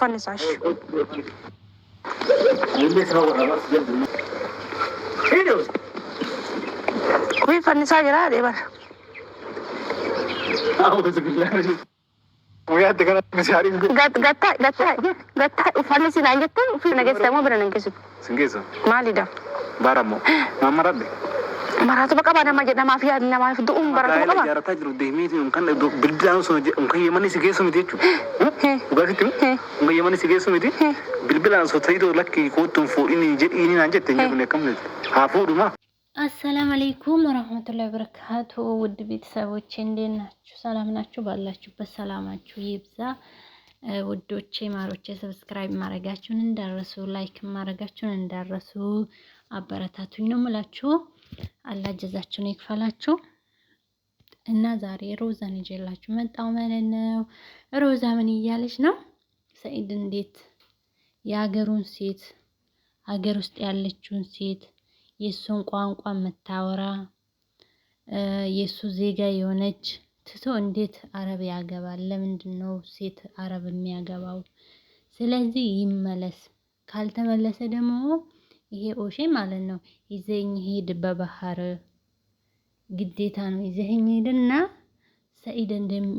ፈንሳሽ ወይ ፈንሳ ጅራ ዴበር ፈንሲና ጀትን ነገስ ደግሞ ብረን እንገሱ ማሊዳ ባራሞ ማመራደ Maratuma qabaa nama jedha namaaf yaad namaaf du'uun baratuma qabaa. Jaarrataa jiru deemee kan bilbilaan sun kan yemani si geessu miti jechuudha. Dhugaatitti kan yemani si geessu miti bilbilaan sun ta'ii lakki kootuun fuudhin jedhiin naan jette hin akkam haa fuudhuma. አሰላም አለይኩም ወረህመቱላሂ ወበረካቱ ውድ ቤተሰቦቼ እንዴት ናችሁ? ሰላም ናችሁ? ባላችሁበት ሰላማችሁ ይብዛ። ውዶቼ ማሮቼ ሰብስክራይብ ማድረጋችሁን እንዳረሱ፣ ላይክ ማድረጋችሁን እንዳረሱ፣ አበረታቱኝ ነው የምላችሁ። አላህ ጀዛችሁን ይክፈላችሁ። እና ዛሬ ሮዛን ይዤላችሁ መጣሁ ማለት ነው። ሮዛ ምን እያለች ነው? ሰኢድ እንዴት የሀገሩን ሴት ሀገር ውስጥ ያለችውን ሴት የእሱን ቋንቋ መታወራ የእሱ ዜጋ የሆነች ትቶ እንዴት አረብ ያገባል? ለምንድን ነው ሴት አረብ የሚያገባው? ስለዚህ ይመለስ። ካልተመለሰ ደግሞ ይሄ ኦሼ ማለት ነው። ይዘኝ ሄድ በባህር ግዴታ ነው። ይዘኝ ሄድና ሰኢድ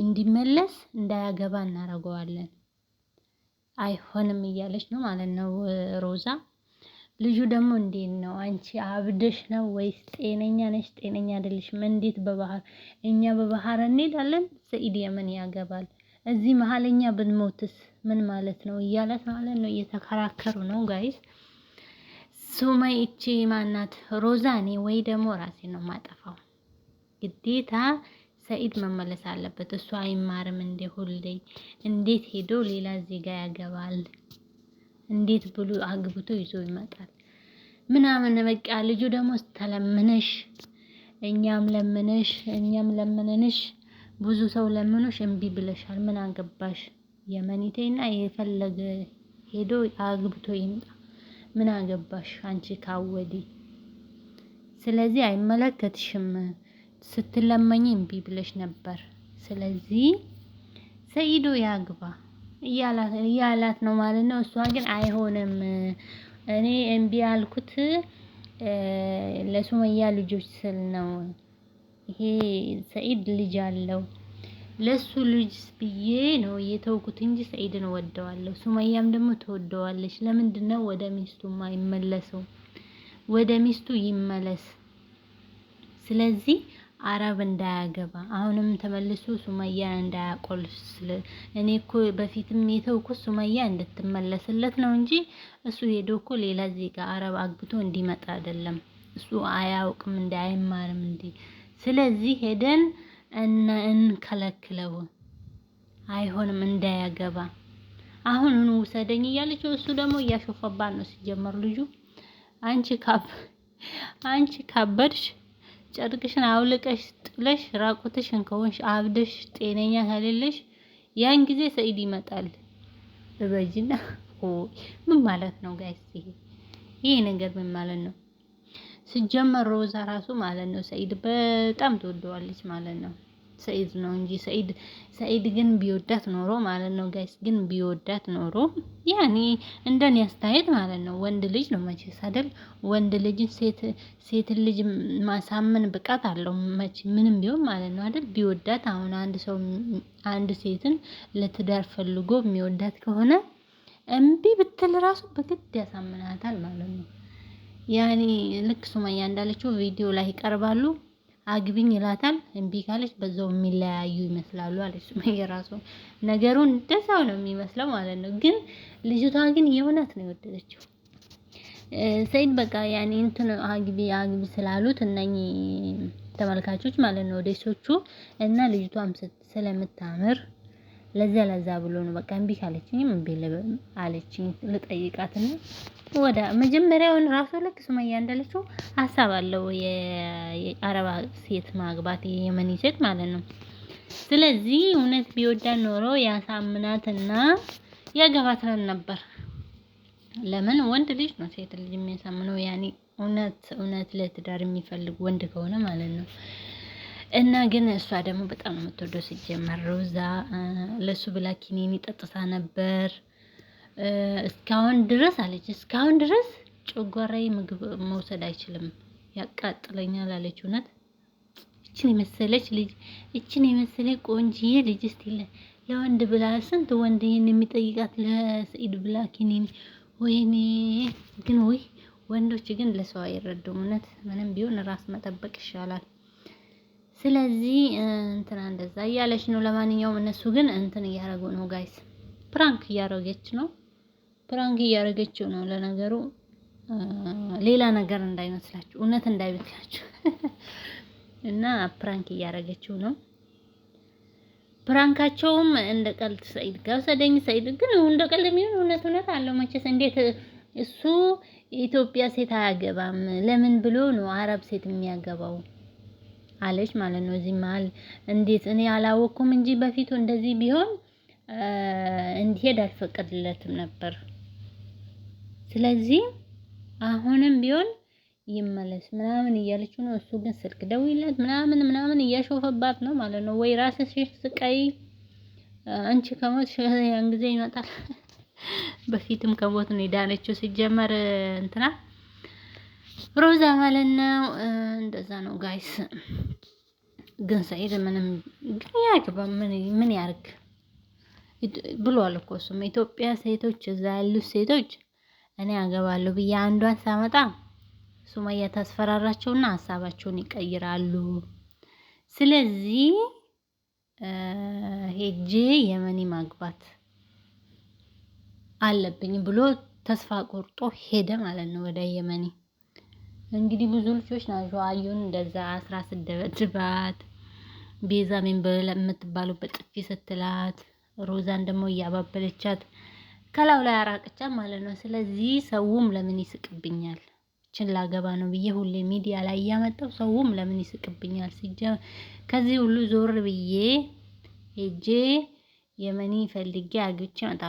እንዲመለስ እንዳያገባ እናደርገዋለን። አይሆንም እያለች ነው ማለት ነው ሮዛ። ልጁ ደግሞ እንዴት ነው? አንቺ አብደሽ ነው ወይስ ጤነኛ ነሽ? ጤነኛ አይደለሽም። እንዴት በባህር እኛ በባህር እንሄዳለን፣ ሰኢድ የምን ያገባል? እዚህ መሀል እኛ ብንሞትስ ምን ማለት ነው? እያለት ማለት ነው። እየተከራከሩ ነው ጋይስ ሱመይ እቺ ማናት ሮዛኔ ወይ ደግሞ ራሴ ነው ማጠፋው። ግዴታ ሰኢድ መመለስ አለበት። እሱ አይማርም እንደ ሁሌ እንዴት ሄዶ ሌላ ዜጋ ያገባል? እንዴት ብሎ አግብቶ ይዞ ይመጣል? ምናምን በቃ ልጁ ደግሞ ተለምነሽ፣ እኛም ለምነሽ፣ እኛም ለምንንሽ፣ ብዙ ሰው ለምኖሽ እምቢ ብለሻል። ምን አገባሽ? የመኒቴና የፈለገ ሄዶ አግብቶ ይምጣ። ምን አገባሽ አንቺ ካወዲ። ስለዚህ አይመለከትሽም ስትለመኝ እምቢ ብለሽ ነበር። ስለዚህ ሰይዶ ያግባ እያላት ነው ማለት ነው። እሷ ግን አይሆንም፣ እኔ እምቢ ያልኩት ለሱመያ ልጆች ስል ነው። ይሄ ሰኢድ ልጅ አለው ለሱ ልጅ ብዬ ነው የተውኩት እንጂ ሰኢድን ወደዋለሁ። ሱመያም ደግሞ ትወደዋለች። ለምንድን ነው ወደ ሚስቱ የማይመለሰው? ወደ ሚስቱ ይመለስ። ስለዚህ አረብ እንዳያገባ አሁንም ተመልሶ ሱመያን እንዳያቆል እኔ እኮ በፊትም የተውኩት ሱመያ እንድትመለስለት ነው እንጂ እሱ ሄዶ እኮ ሌላ ዜጋ አረብ አግብቶ እንዲመጣ አይደለም። እሱ አያውቅም እንዲ አይማርም እንዲ ስለዚህ ሄደን እና እንከለክለው፣ አይሆንም እንዳያገባ አሁን ውሰደኝ እያለች እሱ ደግሞ እያሾፈባት ነው። ሲጀመር ልጁ አንቺ ካብ አንቺ ካበድሽ ጨርቅሽን አውልቀሽ ጥለሽ ራቁትሽን ከሆንሽ አብደሽ ጤነኛ ከሌለሽ ያን ጊዜ ሰኢድ ይመጣል። እበጅና ምን ማለት ነው ጋይስ? ይሄ ይሄ ነገር ምን ማለት ነው? ሲጀመር ሮዛ ራሱ ማለት ነው ሰኢድ በጣም ትወደዋለች ማለት ነው። ሰኢድ ነው እንጂ ሰኢድ ሰኢድ ግን ቢወዳት ኖሮ ማለት ነው ጋይስ ግን ቢወዳት ኖሮ ያኔ እንደኔ አስተያየት ማለት ነው ወንድ ልጅ ነው መቼስ አይደል? ወንድ ልጅ ሴት ሴት ልጅ ማሳመን ብቃት አለው መቼ ምንም ቢሆን ማለት ነው አይደል? ቢወዳት አሁን አንድ ሰው አንድ ሴትን ለትዳር ፈልጎ የሚወዳት ከሆነ እምቢ ብትል ራሱ በግድ ያሳምናታል ማለት ነው። ያኔ ልክ ሱመያ እንዳለችው ቪዲዮ ላይ ይቀርባሉ። አግቢኝ ይላታል። እምቢ ካለች በዛው የሚለያዩ ይመስላሉ አለች ሱመያ ራሱ ነገሩን እንደዛው ነው የሚመስለው ማለት ነው። ግን ልጅቷ ግን የእውነት ነው የወደደችው። ሰይድ በቃ ያኔ እንትን አግቢ አግቢ ስላሉት እነኚህ ተመልካቾች ማለት ነው ወደ እና ልጅቷም ስለምታምር ለዛ ለዛ ብሎ ነው በቃ እምቢ ካለችኝም እምቢ አለችኝ ነው ወደ መጀመሪያውን ራሱ ልክ ሱመያ እንዳለችው ሀሳብ አለው የአረባ ሴት ማግባት የየመኒ ሴት ማለት ነው። ስለዚህ እውነት ቢወዳ ኖሮ ያሳምናትና ያገባት ነበር። ለምን ወንድ ልጅ ነው ሴት ልጅ የሚያሳምነው ያኔ እውነት እውነት ለትዳር የሚፈልግ ወንድ ከሆነ ማለት ነው። እና ግን እሷ ደግሞ በጣም ነው የምትወደው። ሲጀመር ሮዛ ለሱ ብላ ኪኒኒ ጠጥታ ነበር እስካሁን ድረስ አለች። እስካሁን ድረስ ጨጓራዬ ምግብ መውሰድ አይችልም ያቃጥለኛል አለች። እውነት እችን የመሰለች ልጅ እችን የመሰለ ቆንጅዬ ልጅ እስቲ ለወንድ ብላ ስንት ወንድ ይህን የሚጠይቃት ለሰኢድ ብላ ኪኒኒ። ወይኔ ግን ወይ ወንዶች ግን ለሰው አይረዱም። እውነት ምንም ቢሆን ራስ መጠበቅ ይሻላል። ስለዚህ እንትና እንደዛ እያለች ነው። ለማንኛውም እነሱ ግን እንትን እያደረጉ ነው ጋይስ፣ ፕራንክ እያረገች ነው። ፕራንክ እያደረገችው ነው። ለነገሩ ሌላ ነገር እንዳይመስላችሁ፣ እውነት እንዳይመስላችሁ እና ፕራንክ እያደረገችው ነው። ፕራንካቸውም እንደ ቀልድ ሰይድ ጋር ወሰደኝ። ሰይድ ግን እንደ ቀልድ የሚሆን እውነት እውነት አለው መቼስ። እንዴት እሱ ኢትዮጵያ ሴት አያገባም ለምን ብሎ ነው አረብ ሴት የሚያገባው? አለች ማለት ነው። እዚህ መሀል እንዴት እኔ አላወቅኩም እንጂ በፊቱ እንደዚህ ቢሆን እንዲሄድ አልፈቀድለትም ነበር። ስለዚህ አሁንም ቢሆን ይመለስ ምናምን እያለችው ነው። እሱ ግን ስልክ ደውይለት ምናምን ምናምን እያሾፈባት ነው ማለት ነው። ወይ ራስሽ ስቀይ አንቺ ከሞት ያን ጊዜ ይመጣል። በፊትም ከሞት ነው የዳነችው ሲጀመር እንትና ሮዛ ማለት ነው። እንደዛ ነው ጋይስ። ግን ሰኢድ ምንም ግን ያግባ ምን ያርግ ብሏል እኮ እሱም ኢትዮጵያ ሴቶች እዛ ያሉት ሴቶች እኔ አገባለሁ ብዬ አንዷን ሳመጣ ሱማያ ታስፈራራቸውና ሀሳባቸውን ይቀይራሉ። ስለዚህ ሄጄ የመኒ ማግባት አለብኝ ብሎ ተስፋ ቆርጦ ሄደ ማለት ነው ወደ የመኒ እንግዲህ ብዙ ልጆች ናቸው አዩን እንደዛ አስራ ስትደበድባት፣ ቤዛ ምን በላ የምትባለው በጥፊ ስትላት፣ ሮዛን ደግሞ እያባበለቻት ከላው ላይ አራቅቻት ማለት ነው። ስለዚህ ሰውም ለምን ይስቅብኛል ችን ላገባ ነው ብዬ ሁሌ ሚዲያ ላይ እያመጣው ሰውም ለምን ይስቅብኛል ሲጀ ከዚህ ሁሉ ዞር ብዬ ሄጄ የመኒ ፈልጌ አግብቼ እመጣለሁ።